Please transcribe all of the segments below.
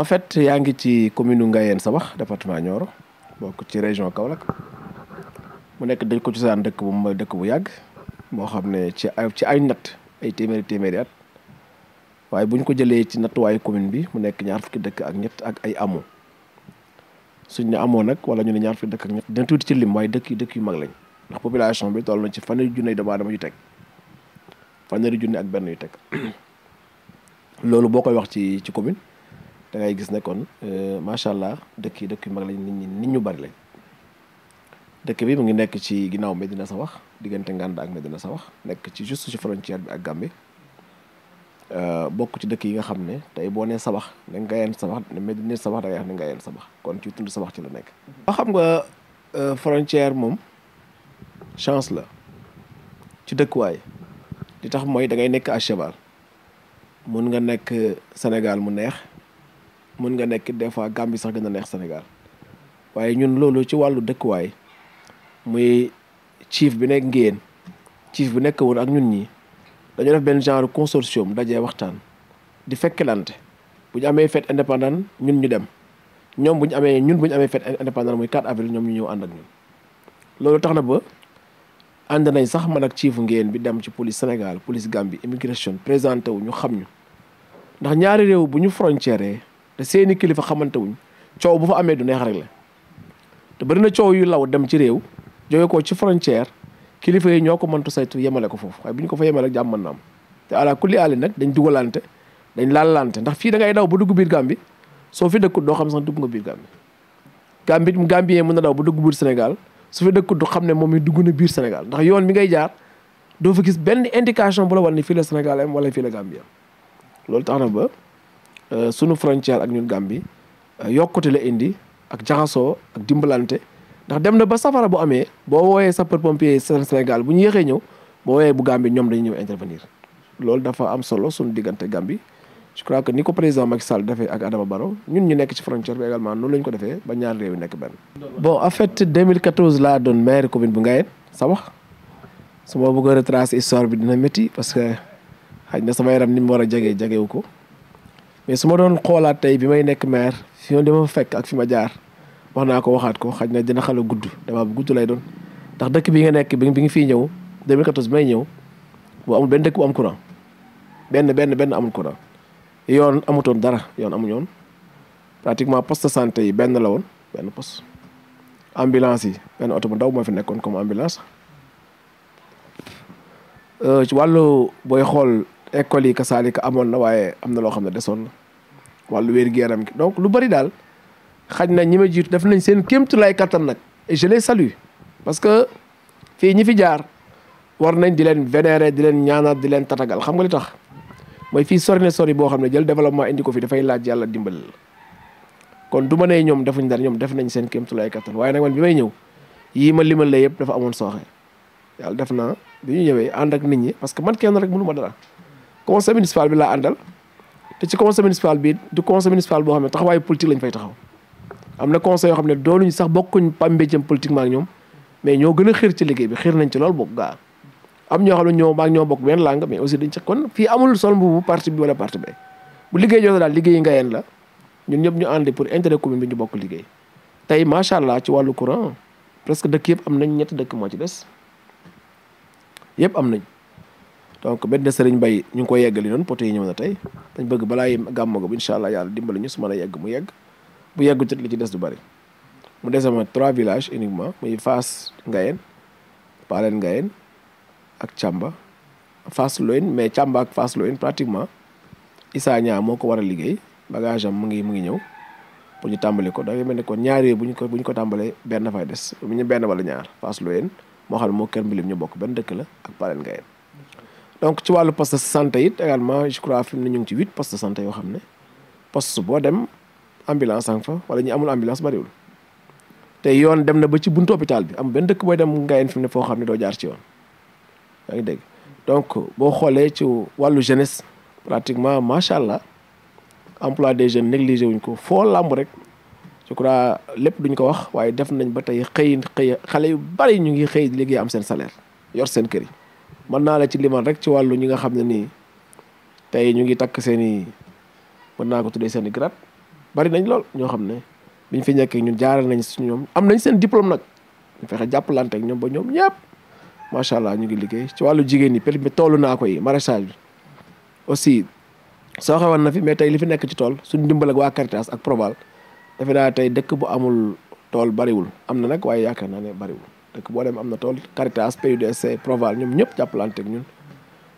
en fait yaa ngi ci commune sa wax département Nioro bok ci région Kaolack mu nek dañ ko cosaan dëkk bu ma dëkk bu yag bo xamne ci ay ci ay nat ay téméré téméré at waaye buñ ko jëlé ci way commune bi mu nek ñaar fukki dëkk ak ñet ak ay amo suñu amo nak wala ñu ñaar fukki dëkk ak ñet dina tuuti ci lim waaye dëkk yi dëkk yu mag lañ ndax population bi tollu ci fanweeri junne dama dama yu tek fanweeri junne ak ben yu tek lolu bokoy wax ci ci commune da ngay gis ne kon euh, macha ma dëkk yi dëkk yu mag lañ nit ñi nit ñu bari lañ dekk bi mu ngi nekk ci ginaaw Medina wax digënté Nganda ak Medina wax nekk ci juste ci frontière bi ak euh bokk ci dekk yi nga xam ne tey boo nee Sawax ne Ngayeen Sawax ne Medina wax da nga nga yeen sa wax kon ci sa wax ci la nekk. ba xam nga euh, frontière mom chance la ci way li tax moy da ngay nekk à cheval mën nga nekk Sénégal mu neex. mën nga nekk des fois Gambie sax gën a neex Sénégal waaye ñun loolu ci wàllu dëkkuwaay muy chief bi nekk ngéen chief bi nekk woon ak ñun ñi dañoo def benn genre consortium dajee waxtaan di fekkelante bu ñu amee fête indépendant ñun ñu dem ñoom bu ñu amee ñun bu ñu amee fête indépendant muy 4 avril ñoom ñu ñëw ànd ak ñun loolu tax na ba ànd nañ sax man ak chief ngéen bi dem ci police Sénégal police Gambie immigration présenté wu ñu xam ñu ndax ñaari réew bu ñu frontière te seeni kilifa xamante wuñ coow bu fa amee du neex rek la te bari na coow yu law dem ci réew jóge koo ci frontière kilifa yi ñoo ko mëntu saytu yemale ko foofu waaye bu ko fa yemale jàmm mën na am te ala nag dañ dugalante dañ laalante ndax fii da ngay daw ba dugg biir Gambie soo fi dëkkut doo xam sax dugg nga biir Gambie Gambie Gambien mën na ba dugg biir Sénégal su fi dëkkut du xam ne moom mi dugg na biir senegal ndax yoon bi ngay jaar doo fa gis benn indication bu la wan ni fii la Sénégal am wala fii la Gambie loolu tax na ba Euh, sunu frontière ak ñun Gambie euh, yokkute la indi ak jaxasoo ak dimbalante ndax dem na ba safara bu amee boo wooyee sapeur pompier Sénégal bu ñu yéexee ñëw boo wooyee bu Gambie ñoom dañuy ñëw intervenir loolu dafa am solo sunu diggante Gambie je crois que ni ko président Macky Sall defee ak Adama Barrow ñun ñu nekk ci frontière bi également noonu la ñu ko defee ba ñaari réew nekk benn. bon en fait 2014 laa doon maire commune bu Ngayeen Sabax su ma bëggoon retracer histoire bi dina métti parce que xaj na sama yaram ni mu war a jege jegewu ko. mais su ma doon xoolaat tey bi may nekk maire fi ma dama fekk ak fi ma jaar wax naa ko waxaat ko xaj na dina xala gudd débat bu gudd lay doon ndax dëkk bi nga nekk bi bi nga fii ñëw 2014 bi may ñëw bu amul benn dëkk bu am courant benn benn benn amul courant yoon amutoon dara yoon amuñoon pratiquement poste santé yi benn la woon benn poste ambulance yi benn oto bu ndaw moo fi nekkoon comme ambulance euh, ci wàllu booy xool école yi ka kasaalika amoon na waaye am na loo xam ne desoon na wàllu wér-gu-yaram gi donc lu bari daal xaj na ñi ma jiitu def nañ seen kéemtu lay kattan nag et je parce que fii ñi fi jaar war nañ di leen vénérer di leen ñaanaat di leen tatagal xam nga li tax mooy fii sori na sori boo xam ne jël développement indi ko fi dafay laaj yàlla dimbal la kon du ma ne ñoom defuñ dara ñoom def nañ seen kéemtu lay kattan waaye nag man bi may ñëw yii ma limal la yëpp dafa amoon sooxe yàlla def na bi ñu ñëwee ànd ak nit ñi parce que man kenn rek mënu ma dara conseil municipal bi laa àndal te ci conseil municipal bi du conseil municipal boo xam ne taxawaayu politique lañ fay taxaw am na conseil yoo xam ne doonuñu sax bokkuñ pàmbéjëm politiquement ak ñoom mais ñoo gën a xiir ci liggéey bi xiir nañ ci loolu bokk gaa am ñoo xam ne ñoo bokk benn langue mais aussi dañ ci kon fii amul sol mbubu parti bi wala parti bi bu liggéey jooju daal liggéey nga yeen la ñun ñëpp ñu àndi pour intérêt commune bi ñu bokk liggéey tey macha allah ci wàllu courant presque dëkk yëpp am nañ ñetti dëkk moo ci des nañ donc benn sëriñ bay ñu ngi koy yeggali noonu poté yi ñëw na tey dañ bëgg balaay gàmmo ga incha allah yàlla dimbali ñu su mën a yegg mu yegg bu yeggu tet li ci des du bari mu desama trois villages uniquement muy Fass Ngayen Palen Ngayen ak Càmba mechamba, Loyne mais Càmba ak Fass Loyne pratiquement Issa Ñaa moo ko war a liggéey bagage am mu ngi mu ngi ñëw pour ñu tàmbali ko dafay mel ne kon ñaar yooyu bu ñu ko bu ñu ko tàmbalee benn fay des ñu benn wala ñaar moo xam ne moo kër mbilim ñu bokk benn dëkk la ak Ngayen donc ci walu poste de santé it également je crois fim ni ñu ngi ci 8 poste de santé yo xam poste bo dem ambulance ang fa wala ñi amul ambulance bari wul té yoon dem na ba ci buntu hôpital bi am ben dëkk boy dem nga yeen fim ne fo xam do jaar ci yoon yaa ngi dégg donc bo xolé ci walu jeunesse pratiquement macha allah emploi des jeunes négligé wuñ ko fo lamb rek je crois lepp duñ ko wax waye def nañ ba tay xey xëy xale yu bari ñu ngi xey liggéey am sen salaire yor sen kër yi man na la ci limal rek ci walu ñi nga xamne ni tay ñu ngi tak seen i mën naa ko tuddé seen grat bari nañ lool ño xamne biñ fi ñëkke ñun jaar nañ ci ñom am nañ seen diplôme nak ñu fexe jàppalante ak ñom ba ñepp ma sha allah ñu ngi liggéey ci walu jigéen ñi peut toolu na ko yi maraîchage bi aussi so xewoon na fi mais tay li fi nekk ci tool suñu dimbal ak wa Caritas ak Proval da tay dekk bu amul tol bariwul am amna nak waye yakarna naa bari bariwul dëkk boo a des Caritas PUDC Proval ñoom ñëpp jàppalante ak ñun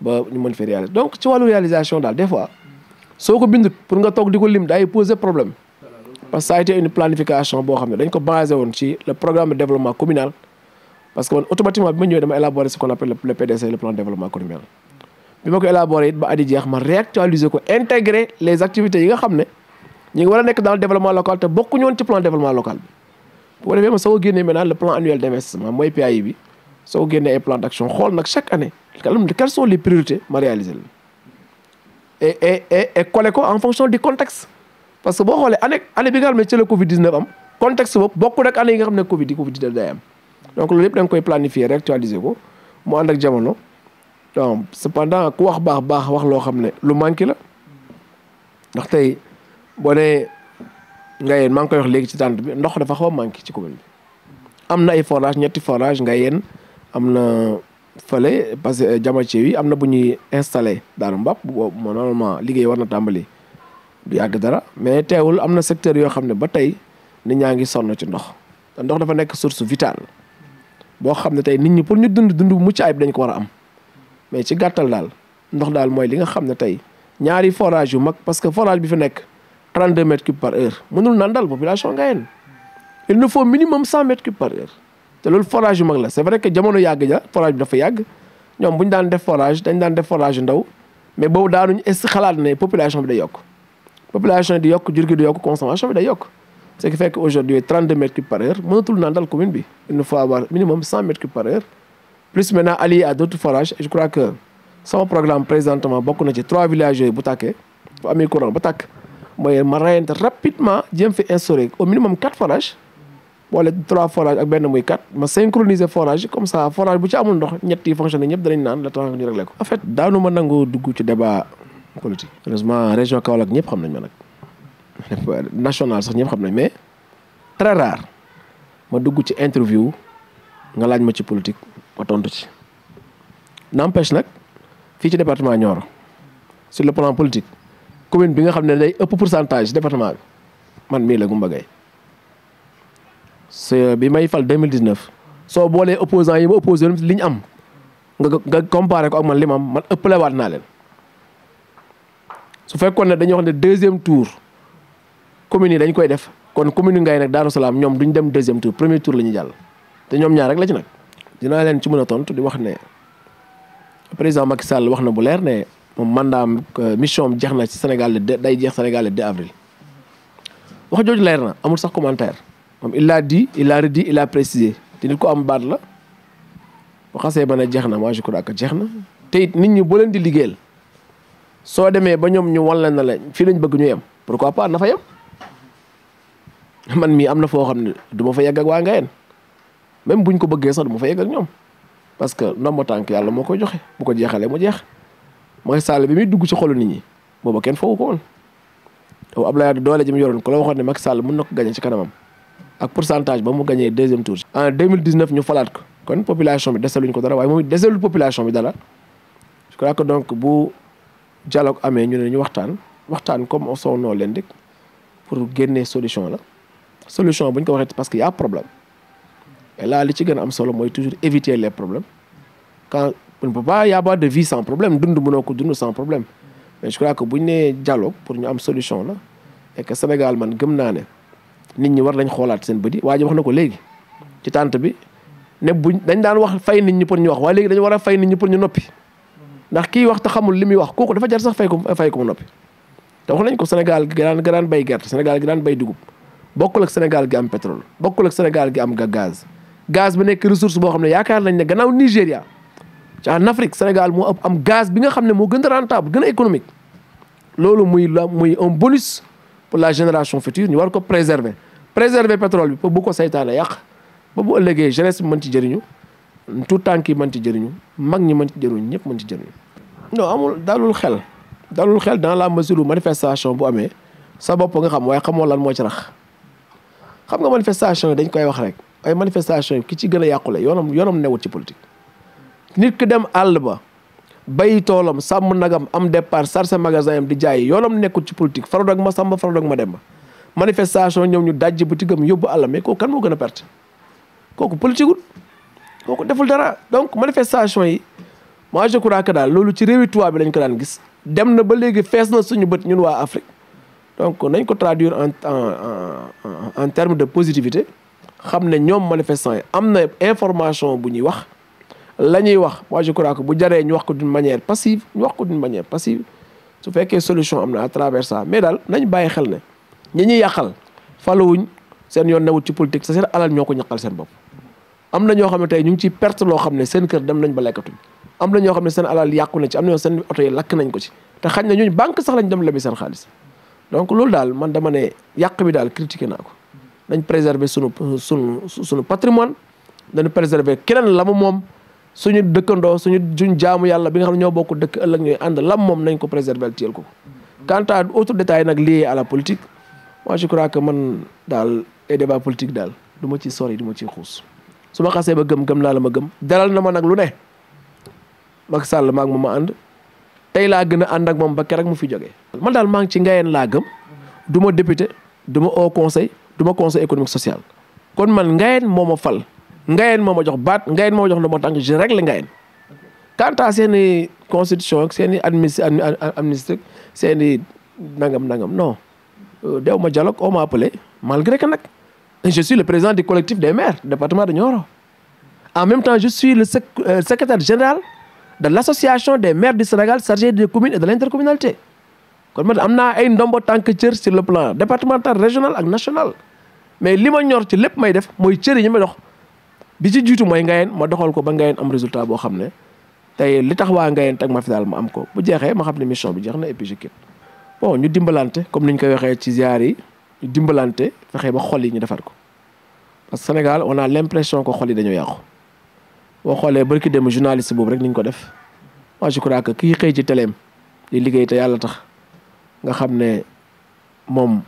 ba ñu mën fi réaliser donc ci la réalisation des fois si ko pour nga toog poser problème parce que ça a été une planification boo xam basé sur le programme de développement communal parce que automatiquement élaboré ce qu'on appelle le PDC le plan de développement communal Mais ma ko élaborer it ba at yi ma intégrer les activités yi nga xam ngi dans le développement local te bokkuñu woon ci plan développement local vous avez defee ma soo maintenant le plan annuel d'investissement, investissement mooy PAI bi soo génnee et plan d'action. action xool chaque année quelles sont les priorités à réaliser Et et et et et les ko en fonction du contexte parce que boo xoolee année année bi le xam ne le Covid 19 am contexte beaucoup d'années, ak année yi nga Covid Covid 19 donc loolu yëpp da koy planifier rek actualiser ko mu ànd donc cependant ku wax baax baax wax loo xam ne lu manque la ndax tey Ngayeen maa ngi koy wax léegi ci tànt bi ndox dafa xaw a manqué ci commune bi am na ay forage ñetti forage Ngayeen am na fële parce que euh, jama ci am na bu ñuy installé daaru mbàpp moo normalement liggéey war na tàmbali du yàgg dara mais teewul am na secteur yoo xam ne ba tey nit ñaa ngi sonn ci ndox ndox dafa nekk source vitale boo xam ne tey nit ñi pour ñu dund dund bu mucc ayib dañ ko war a am mais ci gàttal daal ndox daal mooy li nga xam ne tey ñaari forage yu mag parce que forage bi fi nekk 32 mètres cubes par heure avons nandal population Ngayeen il nous faut minimum 100 mètres cubes par heure C'est le forage c'est vrai que nous avons ja forage Nous dafa yàgg ñoom bu ñu def forage dañ def forage ndaw mais boobu daanuñ est xalaat ne population bi day population di Yok, jur di consommation bi day ce qui fait que aujourd'hui 32 mètres cubes par heure mënatul nandal commune bi il nous faut avoir minimum 100 mètres cubes par heure plus maintenant allié à d'autres forages je crois que son programme présentement bokk na ci trois villages yooyu bu tàkkee bu courant ba mooy ma rayante rapidement jéem fi instauré au minimum quatre forages wala trois forages ak benn muy quatre ma synchroniser forage comme ça forage bu ci amul ndox ñetti fonctionné ñëpp danañ naan le temps ñu réglé ko. en fait daanu ma nangu dugg ci débat politique. heureusement région Kaolack ñëpp xam nañ ma nag national sax ñëpp xam nañ mais très rare ma dugg ci interview nga laaj ma ci politique ma tontu ci n'empêche nag fii ci département Nioro sur le plan politique. commune bi nga xam ne day ëpp pourcentage département bi man mii la Goumba Gaye c'est bi may fal 2019 soo boolee opposants yi ma opposé li ñu am nga nga comparé ko ak man li ma am man ëppale waat naa leen su fekkoon ne dañuy wax ne deuxième tour communes yi dañ koy def kon commune Ngaye nag Daaru Salaam ñoom duñ dem deuxième tour premier tour la ñuy jàll te ñoom ñaar rek la ci nag dinaa leen ci mën a tontu di wax ne président Macky Sall wax na bu leer ne. moom mandaam euh, mission am jeex na ci Sénégal le day jeex Sénégal le 2 avril wax jooju leer na amul sax commentaire moom il l'a dit il l'a redit te nit ko am baat la bu xasee ba ne jeex na moi je crois que jeex na te it nit ñi boo leen di liggéeyal soo demee ba ñoom ñu wan la na la fii lañ bëgg ñu yem pourquoi pas na fa yem man mii am na foo xam ne du ma fa yegg ak waa Ngayeen même buñ ko bëggee sax du ma fa yegg ñoom parce que ndombo tànk yàlla moo koy joxe bu ko jeexalee mu jeex Macky Sall bi muy dugg ci xolu ni ñi booba kenn foofu ko woon te Abdoulaye Wade doole ji mu yoroon ku la waxoon ne Macky Sall mën na ko gagné ci kanamam ak pourcentage ba mu gagné deuxième tour. en 2019 ñu falaat ko kon population bi desaluñ ko dara waaye moom it desalul population bi dara je crois que donc bu dialogue amee ñu ne ñu waxtaan waxtaan comme on son noo leen rek pour génnee solution la solution bu ñu ko waxee parce que y' a problème et là li ci gën a am solo mooy toujours éviter les problèmes on ne peut pas de vie sans problème dund mënoo ko dund sans problème mais je crois que nee dialogue pour ñu am solution la et que man gëm naa ne nit ñi war nañ xoolaat seen bët yi waa ji wax na ko léegi ci tànt bi ne buñ dañ daan wax fay nit ñi pour ñu wax waaye léegi dañu war a fay nit ñi pour ñu noppi ndax kii wax te xamul li muy wax kooku dafa jar sax fay ko fay ko mu noppi te wax nañ ko Sénégal gi daan daan bay gerte Sénégal gi daan bay dugub bokkul ak Sénégal gi am pétrole bokkul ak Sénégal gi am gaz gaz bi nekk ressource boo xam ne yaakaar nañ ne gannaaw Nigéria en Afrique Sénégal moo ëpp am gaz bi nga xam ne moo gën a rentable gën a économique loolu muy la muy un bonus pour la génération future ñu war ko préserver préserver pétrole bi pour bu ko saytaane yàq ba bu ëllëgee jeunesse man ci jëriñu tout tànk yi mën ci jëriñu mag ñi mën ci jëriñu ñëpp mën ci jëriñu. non amul dalul xel dalul xel dans la mesure où manifestation bu amee sa bopp nga xam xam xamoo lan moo ci rax xam nga manifestation yi dañ koy wax rek ay manifestation yi ki ci gën a yàqule yoonam yoonam newut ci politique. nit ki dem àll ba bay toolam sàmm nagam am depart sarse magasin am di jaay yoonam nekkul ci politique farod ak ma sàmm farod ak ma dem ba manifestation ñoom ñu dajji boutique am yóbbu àll mais kooku kan moo gën a perte kooku politique wul kooku deful dara donc manifestation yi moi je crois que daal loolu ci réewi tubaab bi lañ ko daan gis dem na ba léegi fees na suñu bët ñun waa Afrique donc nañ ko traduire en en en terme de positivité xam ne ñoom manifestant yi am na information bu ñuy wax la ñuy wax moi je crois que bu jaree ñu wax ko d'une manière passive ñu wax ko d'une manière passive su fekkee solution am na à travers ça mais daal nañ bàyyi xel ne ñu ñuy yàqal faluwuñ seen yoon newut ci politique sa seen alal ñoo ko ñaqal seen bopp am na ñoo xam ne ñu ngi ciy perte loo xam ne seen kër dem nañ ba lekkatuñ am na ñoo xam ne seen alal yàqu na ci am na ñoo seen oto yi lakk nañ ko ci te xañ na ñooñu banque sax lañ dem bi seen xaalis donc loolu daal man dama ne yàq bi daal critiqué naa ko nañ préserver sunu sunu sunu patrimoine dañu préserver keneen la mu moom suñu dëkkandoo suñu suñ jaamu yàlla bi nga xam ne ñoo bokk dëkk ëllëg ñooy ànd lam moom nañ ko préserver teel ko quant à autre nag lié à la politique moi je crois que man daal ay débat politique daal du ma ci sori du ma ci xuus su ma xasee ba gëm gëm naa la ma gëm dalal na ma nag lu ne Macky Sall maag ma ma ànd tey laa gën a ànd ak moom ba keroog mu fi joge man daal maa ngi ci ngayeen laa gëm du ma député du ma conseil du ma conseil économique social kon man ngayeen moo ma fal jox je quant à constitution non euh, on malgré que je suis le président du collectif des maires département de Nyoro. en même temps je suis le euh, secrétaire général de l'association des maires du Sénégal chargé des communes et de l'intercommunalité kon ay sur le plan départemental régional et national mais li ñor ci bi ci jiitu mooy ngayeen ma doxal ko ba ngayeen am résultat boo xam ne tey li tax waa ngayeen teg ma fi daal ma am ko bu jeexee ma xam ne mission bi jeex na et puis je ñu dimbalante comme ni ñu koy waxee ci ziar yi ñu dimbalante fexe ba xol yi ñu defar ko parce que Sénégal on a l'impression que xol yi yàqu boo xoolee barki dem journaliste boobu rek ni ñu ko def moi je crois que kii xëy ci teleem di liggéey te yàlla tax nga xam ne moom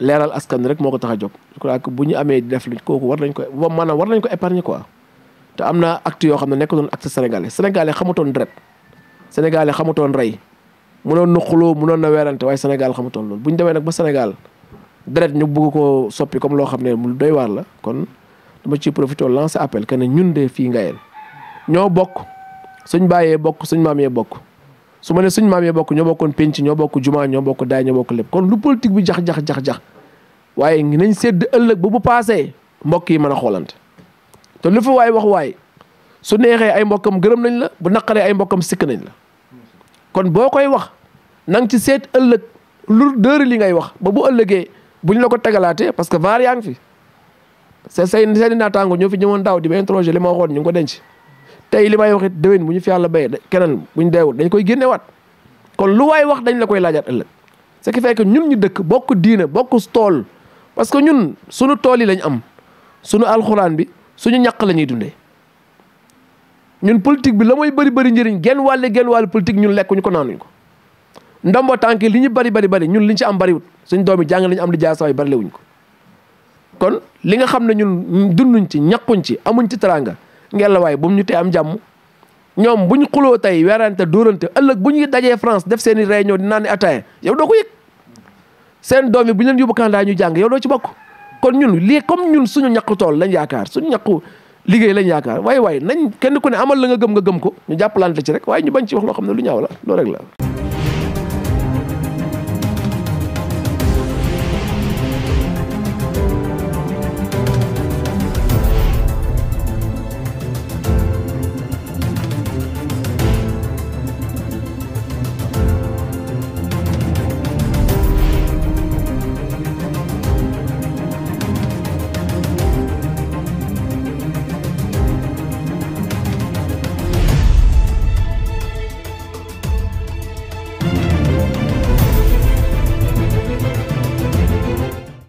leeral askan rek moo ko tax a jóg je bu ñu amee def luñ kooku war nañ ko maanaam war nañ ko épargner quoi te am na acte yoo xam ne nekk doon acte sénégalais sénégalais xamutoon dret sénégalais xamutoon rey munoon na xuloo noon na weerante waaye sénégal xamutoon loolu bu ñu demee nag ba sénégal dret ñu bugg ko soppi comme loo xam ne mu doy waar la kon dama ci profité lancer appel que ne ñun de fii Ngayeen ñoo bokk suñ bàyyee bokk suñ maam yee bokk su manee suñ maam yi bokk ñoo bokkoon penc ñoo bokk jumaa ñoo bokk daay ñoo bokk lépp kon lu politique bi jax jax jax jax waaye nañ sedd ëllëg ba bu paasee mbokk yi mën a xoolante te lu fa waay wax waay su neexee ay mbokkam gërëm nañ la bu naqaree ay mbokkam sikk nañ la kon boo koy wax na nga ci seet ëllëg lu dëri li ngay wax ba bu ëllëgee buñ la ko tegalaatee parce que vaar yaa ngi fi c'est say seen i ñoo fi ñëwoon daaw di ba introgé li ma waxoon ñu ngi ko denc tey li may wax it déwén bu ñu fi yàlla béyee keneen bu ñu deewul dañ koy génnewaat kon lu waay wax dañ la koy laajaat ëllëg ce qui ñun ñu dëkk bokk diina bokk tool parce que ñun suñu tool yi lañ am suñu alxuraan bi suñu ñaq la ñuy dundee ñun politique bi la mooy bari bari njëriñ genn wàll genn wàll politique ñun lekkuñu ko naanuñ ko ndombo tànk li ñu bari bari bëri ñun liñ ci am bëriwut suñ doomi jàng lañu am di jaay sawaay bëri lewuñ ko kon li nga xam ne ñun dunduñ ci ñaquñ ci amuñ ci teraanga ngelawaay bu mu ñu tee am jàmm ñoom bu ñu xuloo tey werante dóorante ëllëg bu ñuy dajee France def seeni i réunion di naan ataaya yow doo ko yëg seen doom yi bu ñu leen yóbbu Canada ñu jàng yow doo ci bokk kon ñun lii comme ñun suñu ñàkk tool lañ yaakaar suñu ñàkku liggéey lañ yaakaar waaye waaye nañ kenn ku ne amal la nga gëm nga gëm ko ñu jàppalante ci rek waaye ñu bañ ci wax loo xam ne lu ñaaw la loolu rek la